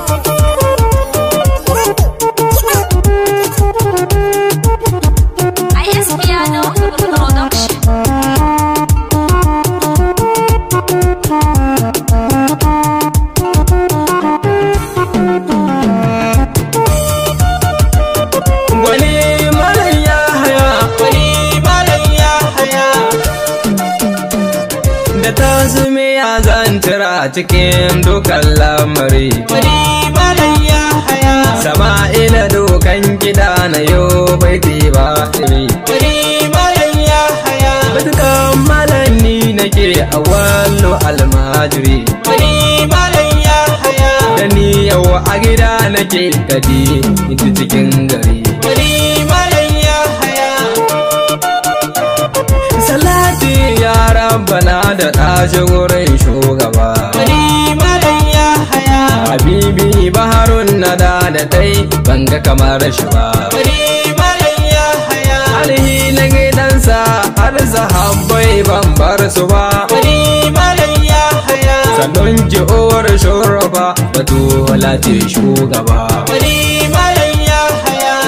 oh, oh. a cikin dukan lamari ya haya Sama ila dukan gida na bai baiti ba iri ya haya batukan na nake a wallo almajiri ya haya da ni yau a gida nake gadi ita cikin gari Salati ya bana da ɗashi wurin shugaba da dai ban ga kamar shi ba bari malam ya haya alhi na gidansa har bai ban bar su ba bari malam ya haya sanon ki uwar shuraba da ce shugaba bari malam ya haya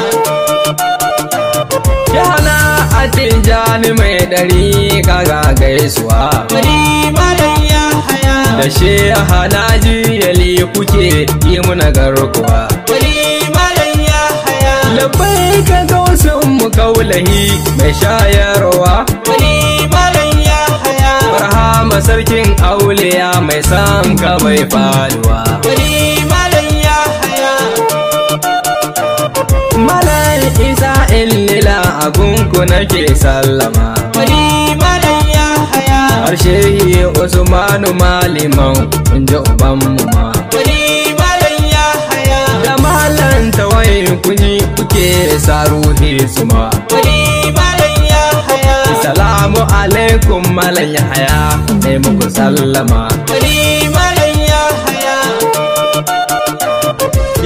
yana a tijjani mai dari kaga gaisuwa bari malam ya haya da shi halaji yali kuke yi muna garkuwa ɗalibai ka ga wasu mu kaulahi mai shayarwa wani malam ya haya barhama sarkin auliya mai san ka bai faduwa wani malam ya haya malam isa illila a gunku nake sallama wani malam ya haya harshe yi usmanu maliman in uban mu ma ya sa ruhi suma wani malam ya haya salamu alaikum malam haya ne muku sallama wani malam ya haya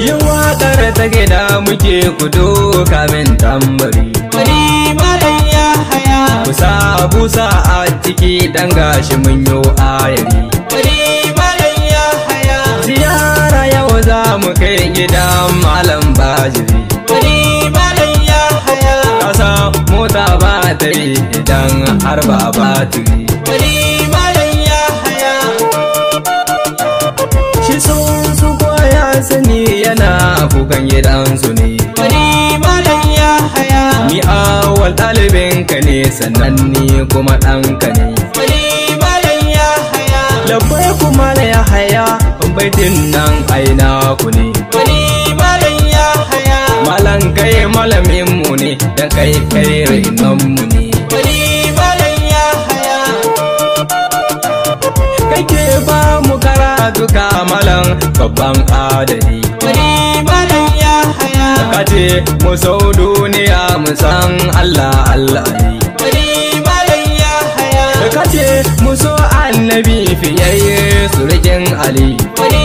yin waƙar ta gida muke kudu kamin tambari wani malam ya haya kusa busa a ciki dan gashi mun yo ayari wani malam ya haya ziyara yau za mu kai gidan malam bajiri Ni malam ya haya Kasa mota ba ta yi idan har ba batiri Ni malam ya haya Shi sun su koya sani yana kukan gidansu ne Ni malam ya haya Ni awal ɗalibinka ne sannan ni kuma ɗanka ne Ni malam ya haya Labbai kuma ya haya baitin nan aina ku ne malamin mu ne dan kai kai rainon mu ne wani malam ya haya ke ba mu duka malam babban adali wani malam ya haya kace mu sau duniya mu san Allah Allah ne wani malam ya haya kace mu so annabi fiye surkin ali bari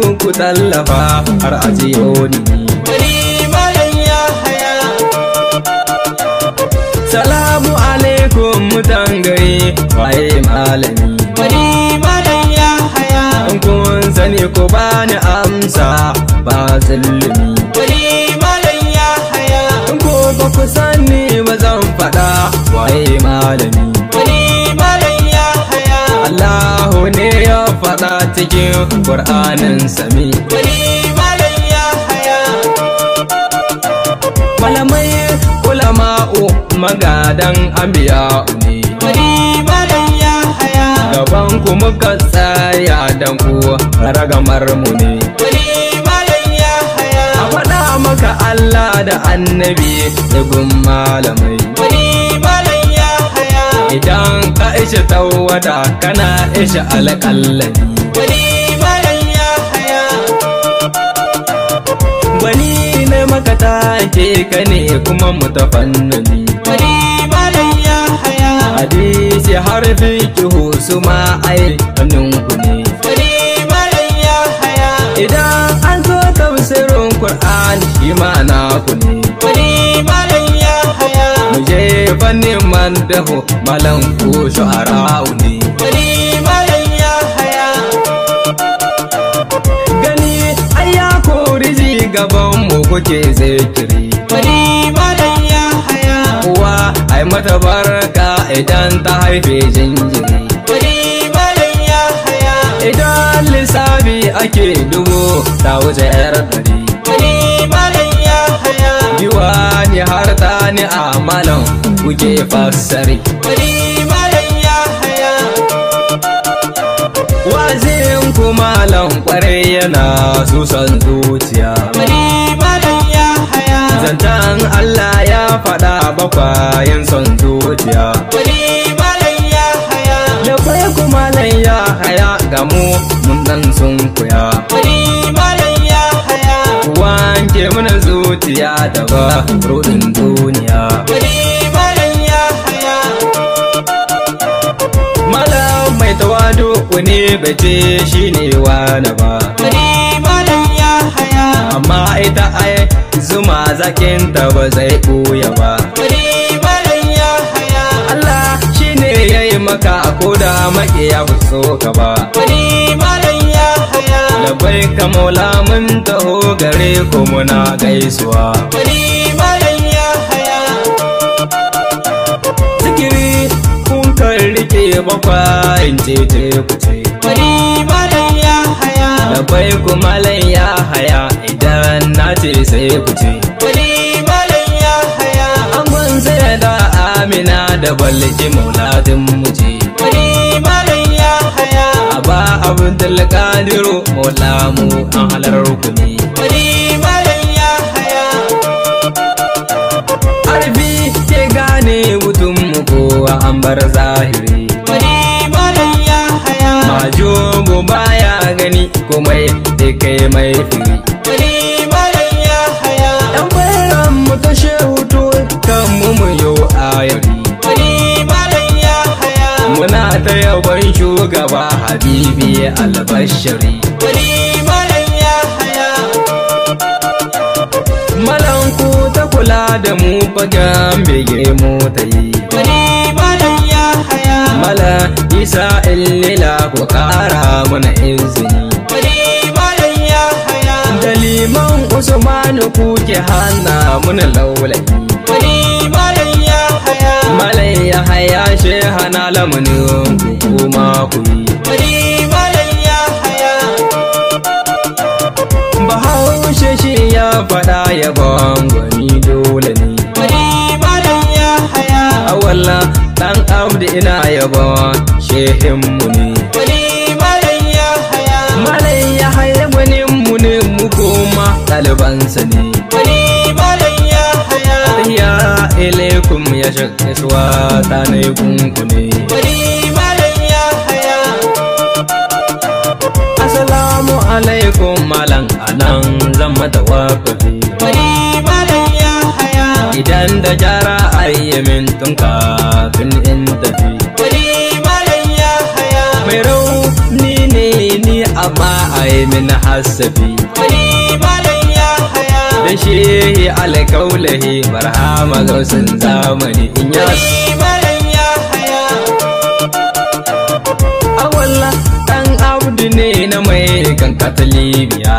ku lafa har a ya haya? Salamu alaikum mutan gari waye malami. Bari malam ya haya. Kun sani ku bani amsa ba zulumi. Bari malam ya haya. Ko ba ku sani ba zan faɗa waye malami. cikin ƙur'anin sami wani malam ya haya malamai ulama'u magadan ambiya ne wani malam ya haya gaban kuma ka tsaya dan ku ragamar mu ne wani malam ya haya a faɗa maka Allah da annabi gun malamai wani malam ya haya idan ka ishe tawada kana ishe alƙallami bani malam ya haya gwani na makata ke ka ne kuma mutafannani gwani malam ya haya hadisi harfi fikihu su ma ai hannun ku ne gwani malam ya haya idan an zo tafsirin qur'ani shi ma na ku ne gwani malam ya haya mu je fannin man daho malam ku shu'ara'u ne gwani kuke zikiri bari malam ya haya uwa ai mata barka idan ta haife jinjiri bari malam ya haya idan lissafi ake dubo ta wuce yar dari bari malam ya haya yiwa ni har ta ni a malam kuke fassari bari malam ya haya wazin kuma malam kwarai yana susan zuciya faɗa a bakwayen son zuciya wani malam ya haya da kwaya kuma lan ya haya ga mu mun dan sun kuya wani malam ya haya wanke mana zuciya daga ruɗin duniya wani malam ya haya malam mai tawadu ne bace shine wani ba amma ita ai zuma zakin ta ba zai ɓuya ba ya haya. Allah shi ne ya yi maka a koda maƙiya ba so ka ba labai ka maula mun taho gare ku muna gaisuwa Zikiri kun kan rike bakwarin tete ku ce ya labai ku malam ya haya ce sai ku ce wani malam ya haya an gun sai da amina da ballaki mauladin mu ce wani malam ya haya ba abin dalqadiru maula mu an halar rukuni wani malam ya haya arbi ke gane mutum a an bar zahiri wani malam ya haya majo mu baya gani komai da kai mai firi albashari wani malam ya haya malam ku ta kula da mu baga bege mu ta yi wani malam ya haya mala isa illila ku kara mana izini wani malam ya haya daliman usmanu ku ke hana muna laulayi wani malam ya haya malam ya haya shehana lamanin kuma ku yaban gwani dole ne ya haya. A walla dan abdi ina yaba shehin mu ne malai ya haya gwanin mu ne mu koma ɗalibansa ne ya haya. ya shakaswa ta na yi kunku ne Assalamu alaikum malam anan zan da wakafi idan da gyara min tun kafin in tafi wani malam ya haya mai rauni ne ni amma min hasafi wani malam ya haya da shehi alkaulahi barhama gausin zamani in ya malam ya haya awalla dan abdu ne na mai kan katalibiya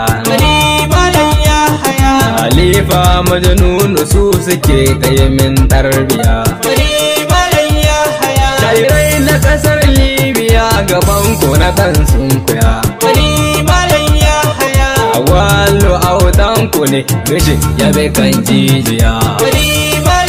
Alifa majanunu su suke ɗaya min ɗarbiya. Kuri bayan ya haya. Tairai na ƙasar Libya gaban ku na ɗan sunkuya. kuya. Kuri bayan ya haya. A wallo autan ku ne ya yabe kan jijiya. Kuri bayan ya haya.